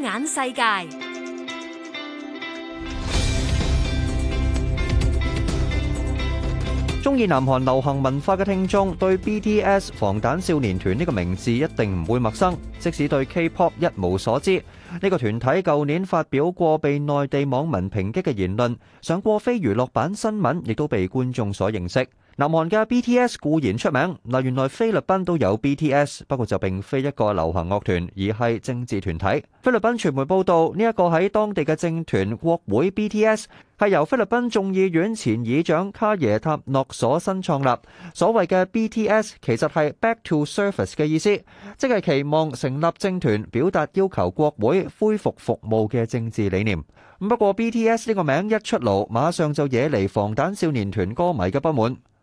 眼世界，中意南韓流行文化嘅聽眾對 BTS 防彈少年團呢個名字一定唔會陌生，即使對 K-pop 一無所知，呢個團體舊年發表過被內地網民抨擊嘅言論，上過非娛樂版新聞，亦都被觀眾所認識。南韓嘅 BTS 固然出名，嗱，原來菲律賓都有 BTS，不過就並非一個流行樂團，而係政治團體。菲律賓傳媒報道，呢一個喺當地嘅政團國會 BTS 係由菲律賓眾議院前議長卡耶塔諾所新創立。所謂嘅 BTS 其實係 Back to Surface 嘅意思，即係期望成立政團，表達要求國會恢復服務嘅政治理念。不過 BTS 呢個名一出爐，馬上就惹嚟防彈少年團歌迷嘅不滿。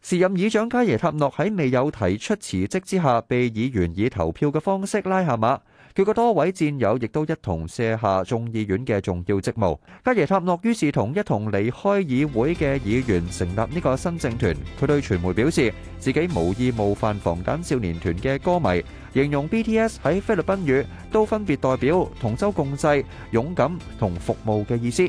時任議長加耶塔諾喺未有提出辭職之下，被議員以投票嘅方式拉下馬。佢嘅多位戰友亦都一同卸下眾議院嘅重要職務。加耶塔諾於是同一同離開議會嘅議員成立呢個新政團。佢對傳媒表示自己無意冒犯防彈少年團嘅歌迷，形容 BTS 喺菲律賓語都分別代表同舟共濟、勇敢同服務嘅意思。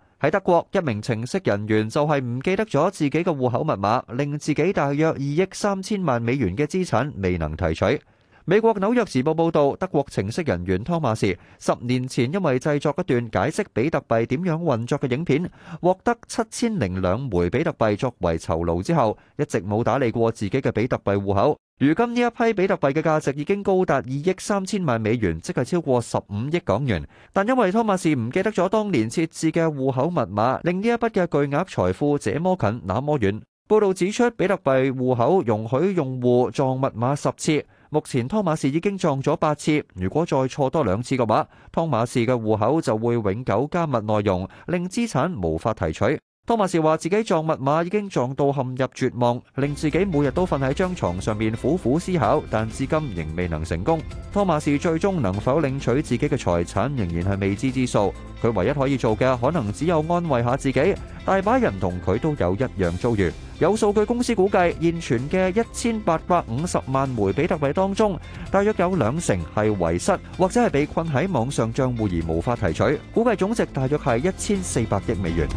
喺德國，一名程式人員就係唔記得咗自己嘅戶口密碼，令自己大約二億三千萬美元嘅資產未能提取。美國紐約時報報道，德國程式人員湯馬士十年前因為製作一段解釋比特幣點樣運作嘅影片，獲得七千零兩枚比特幣作為酬勞，之後，一直冇打理過自己嘅比特幣戶口。如今呢一批比特幣嘅價值已經高達二億三千萬美元，即係超過十五億港元。但因為托馬斯唔記得咗當年設置嘅戶口密碼，令呢一筆嘅巨額財富這麼近那麼遠。報道指出，比特幣戶口容許用戶撞密碼十次，目前托馬斯已經撞咗八次。如果再錯多兩次嘅話，托馬斯嘅戶口就會永久加密內容，令資產無法提取。托馬士話：自己撞密碼已經撞到陷入絕望，令自己每日都瞓喺張床上面苦苦思考，但至今仍未能成功。托馬士最終能否領取自己嘅財產，仍然係未知之數。佢唯一可以做嘅，可能只有安慰下自己。大把人同佢都有一樣遭遇。有數據公司估計，現存嘅一千八百五十萬枚比特幣當中，大約有兩成係遺失或者係被困喺網上賬戶而無法提取，估計總值大約係一千四百億美元。